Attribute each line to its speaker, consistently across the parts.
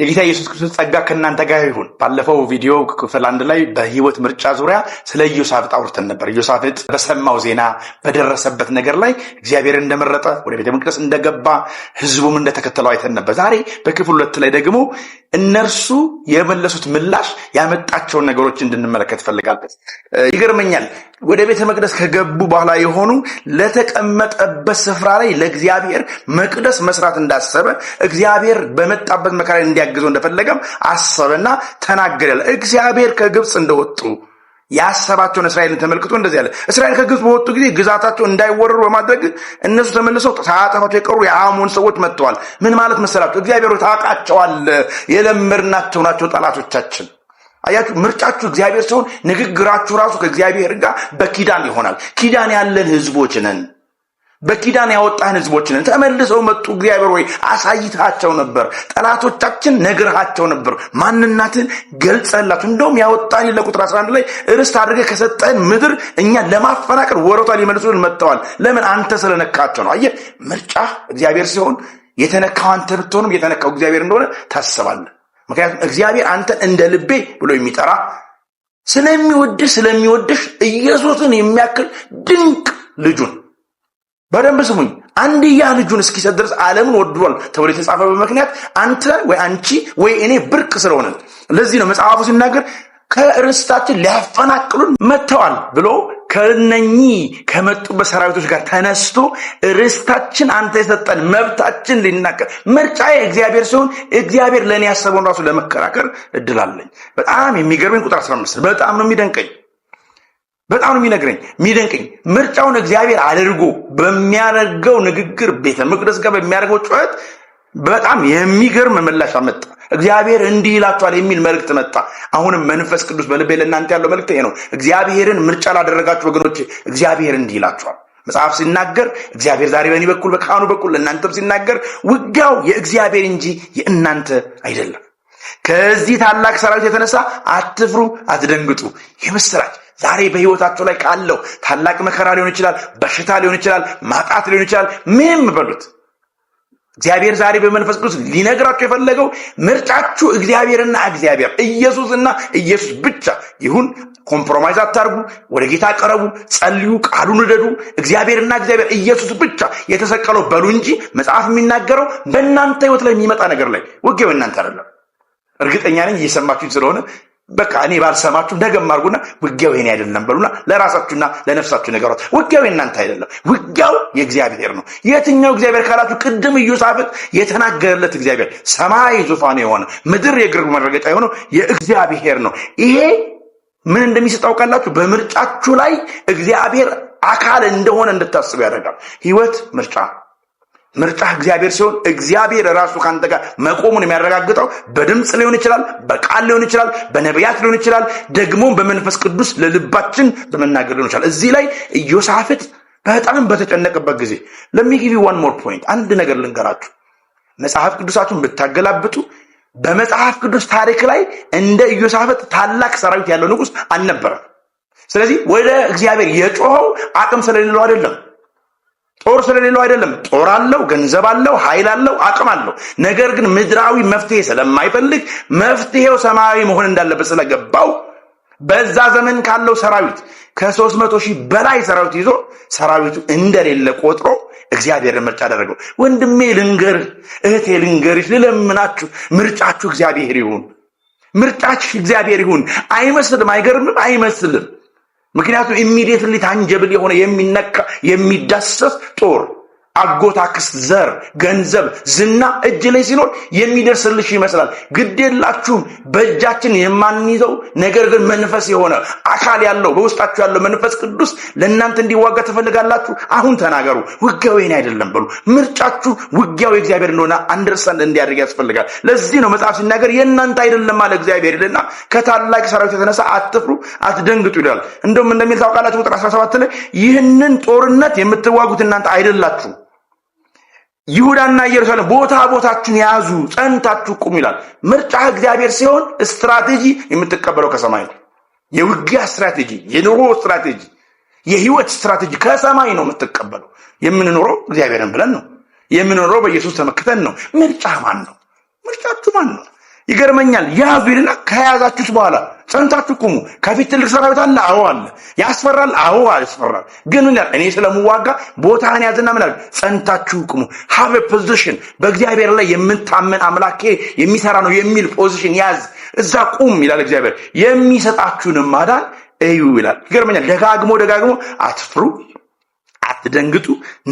Speaker 1: የጌታ ኢየሱስ ክርስቶስ ጸጋ ከእናንተ ጋር ይሁን። ባለፈው ቪዲዮ ክፍል አንድ ላይ በህይወት ምርጫ ዙሪያ ስለ ኢዮሳፍጥ አውርተን ነበር። ኢዮሳፍጥ በሰማው ዜና በደረሰበት ነገር ላይ እግዚአብሔር እንደመረጠ ወደ ቤተ መቅደስ እንደገባ ህዝቡም እንደተከተለው አይተን ነበር። ዛሬ በክፍል ሁለት ላይ ደግሞ እነርሱ የመለሱት ምላሽ ያመጣቸውን ነገሮች እንድንመለከት እፈልጋለሁ። ይገርመኛል ወደ ቤተ መቅደስ ከገቡ በኋላ የሆኑ ለተቀመጠበት ስፍራ ላይ ለእግዚአብሔር መቅደስ መስራት እንዳሰበ እግዚአብሔር በመጣበት መከራ እንዲያግዘው እንደፈለገም አሰበና ተናገር እግዚአብሔር ከግብፅ እንደወጡ ያሰባቸውን እስራኤልን ተመልክቶ እንደዚህ ያለ እስራኤል ከግብፅ በወጡ ጊዜ ግዛታቸው እንዳይወረሩ በማድረግ እነሱ ተመልሰው ሳያጠፋቸው የቀሩ የአሞን ሰዎች መጥተዋል። ምን ማለት መሰላቸው? እግዚአብሔር ታውቃቸዋል፣ የለመድናቸው ናቸው ጠላቶቻችን አያችሁ፣ ምርጫችሁ እግዚአብሔር ሲሆን ንግግራችሁ ራሱ ከእግዚአብሔር ጋር በኪዳን ይሆናል። ኪዳን ያለን ህዝቦች ነን። በኪዳን ያወጣን ህዝቦች ነን። ተመልሰው መጡ። እግዚአብሔር ወይ አሳይታቸው ነበር፣ ጠላቶቻችን ነግርሃቸው ነበር፣ ማንነትን ገልጸላቸው። እንደውም ያወጣን ይለ ቁጥር 11 ላይ እርስት አድርገህ ከሰጠህን ምድር እኛ ለማፈናቀል ወረቷ ሊመልሱልን መጥተዋል። ለምን? አንተ ስለነካቸው ነው። አየህ፣ ምርጫ እግዚአብሔር ሲሆን የተነካው አንተ ብትሆንም የተነካው እግዚአብሔር እንደሆነ ታስባለህ። ምክንያቱም እግዚአብሔር አንተን እንደ ልቤ ብሎ የሚጠራ ስለሚወድህ ስለሚወድሽ ኢየሱስን የሚያክል ድንቅ ልጁን በደንብ ስሙኝ፣ አንድያ ልጁን እስኪሰጥ ድረስ ዓለምን ወድዷል ተብሎ የተጻፈ በምክንያት አንተ ወይ አንቺ ወይ እኔ ብርቅ ስለሆነ ለዚህ ነው መጽሐፉ ሲናገር ከርስታችን ሊያፈናቅሉን መጥተዋል ብሎ ከነኚህ ከመጡበት ሰራዊቶች ጋር ተነስቶ ርስታችን አንተ የሰጠን መብታችን ሊናገር ምርጫ እግዚአብሔር ሲሆን እግዚአብሔር ለእኔ ያሰበውን ራሱ ለመከራከር እድላለኝ። በጣም የሚገርመኝ ቁጥር አስራ 15 በጣም ነው የሚደንቀኝ በጣም ነው የሚነግረኝ የሚደንቀኝ ምርጫውን እግዚአብሔር አድርጎ በሚያደርገው ንግግር ቤተ መቅደስ ጋር በሚያደርገው ጩኸት በጣም የሚገርም ምላሽ አመጣ። እግዚአብሔር እንዲህ ይላችኋል የሚል መልእክት መጣ። አሁንም መንፈስ ቅዱስ በልቤ ለእናንተ ያለው መልእክት ይሄ ነው። እግዚአብሔርን ምርጫ ላደረጋችሁ ወገኖች እግዚአብሔር እንዲህ ይላችኋል። መጽሐፍ ሲናገር እግዚአብሔር ዛሬ በእኔ በኩል በካህኑ በኩል ለእናንተም ሲናገር ውጊያው የእግዚአብሔር እንጂ የእናንተ አይደለም። ከዚህ ታላቅ ሰራዊት የተነሳ አትፍሩ፣ አትደንግጡ። የምስራች ዛሬ በህይወታቸው ላይ ካለው ታላቅ መከራ ሊሆን ይችላል፣ በሽታ ሊሆን ይችላል፣ ማጣት ሊሆን ይችላል፣ ምንም በሉት እግዚአብሔር ዛሬ በመንፈስ ቅዱስ ሊነግራችሁ የፈለገው ምርጫችሁ እግዚአብሔርና እግዚአብሔር ኢየሱስና ኢየሱስ ብቻ ይሁን። ኮምፕሮማይዝ አታርጉ። ወደ ጌታ ቀረቡ፣ ጸልዩ፣ ቃሉን ውደዱ። እግዚአብሔርና እግዚአብሔር ኢየሱስ ብቻ የተሰቀለው በሉ እንጂ መጽሐፍ የሚናገረው በእናንተ ህይወት ላይ የሚመጣ ነገር ላይ ውጌው እናንተ አይደለም። እርግጠኛ ነኝ እየሰማችሁ ስለሆነ በቃ እኔ ባልሰማችሁ ነገም አድርጉና ውጊያው ይሄን አይደለም በሉና ለራሳችሁና ለነፍሳችሁ ነገሯት። ውጊያው የእናንተ አይደለም፣ ውጊያው የእግዚአብሔር ነው። የትኛው እግዚአብሔር ካላችሁ ቅድም ኢዮሳፍጥ የተናገረለት እግዚአብሔር ሰማይ ዙፋኑ የሆነ ምድር የእግር መረገጫ የሆነው የእግዚአብሔር ነው። ይሄ ምን እንደሚሰጣው ካላችሁ በምርጫችሁ ላይ እግዚአብሔር አካል እንደሆነ እንድታስቡ ያደርጋል። ህይወት ምርጫ ምርጫህ እግዚአብሔር ሲሆን እግዚአብሔር ራሱ ከአንተ ጋር መቆሙን የሚያረጋግጠው በድምፅ ሊሆን ይችላል፣ በቃል ሊሆን ይችላል፣ በነቢያት ሊሆን ይችላል፣ ደግሞ በመንፈስ ቅዱስ ለልባችን በመናገር ሊሆን ይችላል። እዚህ ላይ ኢዮሳፍጥ በጣም በተጨነቀበት ጊዜ ለሚጊቪ ዋን ሞር ፖይንት አንድ ነገር ልንገራችሁ። መጽሐፍ ቅዱሳቱን ብታገላብጡ በመጽሐፍ ቅዱስ ታሪክ ላይ እንደ ኢዮሳፍጥ ታላቅ ሰራዊት ያለው ንጉስ አልነበረም። ስለዚህ ወደ እግዚአብሔር የጮኸው አቅም ስለሌለው አይደለም። ጦር ስለሌለው አይደለም። ጦር አለው፣ ገንዘብ አለው፣ ኃይል አለው፣ አቅም አለው። ነገር ግን ምድራዊ መፍትሄ ስለማይፈልግ መፍትሄው ሰማያዊ መሆን እንዳለበት ስለገባው በዛ ዘመን ካለው ሰራዊት ከሶስት መቶ ሺህ በላይ ሰራዊት ይዞ ሰራዊቱ እንደሌለ ቆጥሮ እግዚአብሔር ምርጫ አደረገው። ወንድሜ ልንገር፣ እህቴ ልንገርሽ፣ ልለምናችሁ፣ ምርጫችሁ እግዚአብሔር ይሁን። ምርጫችሁ እግዚአብሔር ይሁን። አይመስልም፣ አይገርምም፣ አይመስልም። ምክንያቱም ኢሚዲየትሊ ታንጀብል የሆነ የሚነካ የሚዳሰስ ጦር አጎታ ክስት ዘር፣ ገንዘብ፣ ዝና እጅ ላይ ሲኖር የሚደርስልሽ ይመስላል። ግዴላችሁም። በእጃችን የማንይዘው ነገር ግን መንፈስ የሆነ አካል ያለው በውስጣችሁ ያለው መንፈስ ቅዱስ ለእናንተ እንዲዋጋ ትፈልጋላችሁ። አሁን ተናገሩ። ውጊያው የእኔ አይደለም በሉ። ምርጫችሁ ውጊያው የእግዚአብሔር እንደሆነ አንደርስታንድ እንዲያደርግ ያስፈልጋል። ለዚህ ነው መጽሐፍ ሲናገር የእናንተ አይደለም አለ እግዚአብሔር ይልና ከታላቅ ሰራዊት የተነሳ አትፍሩ፣ አትደንግጡ ይላል። እንደውም እንደሚል ታውቃላችሁ ቁጥር 17 ላይ ይህንን ጦርነት የምትዋጉት እናንተ አይደላችሁ ይሁዳና ኢየሩሳሌም ቦታ ቦታችሁን የያዙ ጸንታችሁ ቁሙ ይላል። ምርጫ እግዚአብሔር ሲሆን ስትራቴጂ የምትቀበለው ከሰማይ ነው። የውጊያ ስትራቴጂ፣ የኑሮ ስትራቴጂ፣ የህይወት ስትራቴጂ ከሰማይ ነው የምትቀበለው። የምንኖረው እግዚአብሔርን ብለን ነው የምንኖረው፣ በኢየሱስ ተመክተን ነው። ምርጫ ማን ነው? ምርጫችሁ ማን ነው? ይገርመኛል። ያዙ ይልና ከያዛችሁት በኋላ ጸንታችሁ ቁሙ። ከፊት ትልቅ ሰራዊት አለ። አዎ አለ። ያስፈራል። አዎ ያስፈራል። ግን ምን ያል እኔ ስለምዋጋ ቦታህን ያዝና ምን ያል ጸንታችሁ ቁሙ። ሀብ ፖዚሽን በእግዚአብሔር ላይ የምታመን አምላኬ የሚሰራ ነው የሚል ፖዚሽን ያዝ። እዛ ቁም ይላል እግዚአብሔር። የሚሰጣችሁንም ማዳን እዩ ይላል። ይገርመኛል። ደጋግሞ ደጋግሞ አትፍሩ አትደንግጡ፣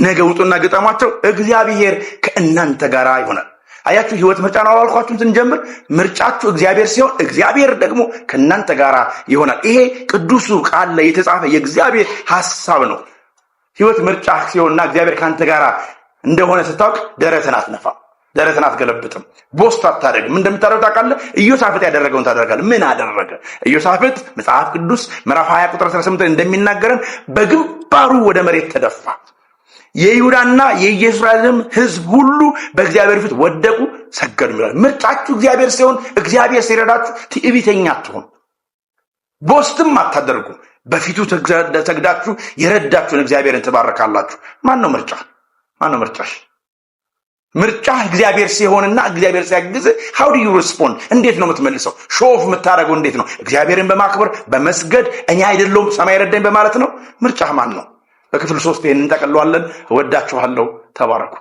Speaker 1: ነገ ውጡና ግጠሟቸው፣ እግዚአብሔር ከእናንተ ጋር ይሆናል። አያችሁ ህይወት ምርጫ ነው አላልኳችሁም? ስንጀምር ምርጫችሁ እግዚአብሔር ሲሆን እግዚአብሔር ደግሞ ከእናንተ ጋር ይሆናል። ይሄ ቅዱሱ ቃል ላይ የተጻፈ የእግዚአብሔር ሀሳብ ነው። ህይወት ምርጫ ሲሆንና እግዚአብሔር ከአንተ ጋር እንደሆነ ስታውቅ ደረትን አትነፋም፣ ደረትን አትገለብጥም፣ ቦስት አታደርግም። እንደምታደርግ ታውቃለህ። ኢዮሳፍጥ ያደረገውን ታደርጋለህ። ምን አደረገ ኢዮሳፍጥ? መጽሐፍ ቅዱስ ምዕራፍ 20 ቁጥር 18 እንደሚናገረን በግንባሩ ወደ መሬት ተደፋ የይሁዳና የኢየሩሳሌም ህዝብ ሁሉ በእግዚአብሔር ፊት ወደቁ፣ ሰገዱ ይላል። ምርጫችሁ እግዚአብሔር ሲሆን እግዚአብሔር ሲረዳችሁ ትዕቢተኛ አትሆኑ፣ በውስጥም አታደርጉ። በፊቱ ተግዳችሁ የረዳችሁን እግዚአብሔርን ትባረካላችሁ። ማን ነው ምርጫ? ማን ነው ምርጫሽ? ምርጫ እግዚአብሔር ሲሆንና እግዚአብሔር ሲያግዝ ሀው ዩ ሪስፖንድ እንዴት ነው የምትመልሰው? ሾፍ የምታደረገው እንዴት ነው? እግዚአብሔርን በማክበር በመስገድ እኔ አይደለውም ሰማይ ረዳኝ በማለት ነው። ምርጫ ማን ነው? በክፍል ሶስት ይህን እንጠቀለዋለን። እወዳችኋለሁ። ተባረኩ።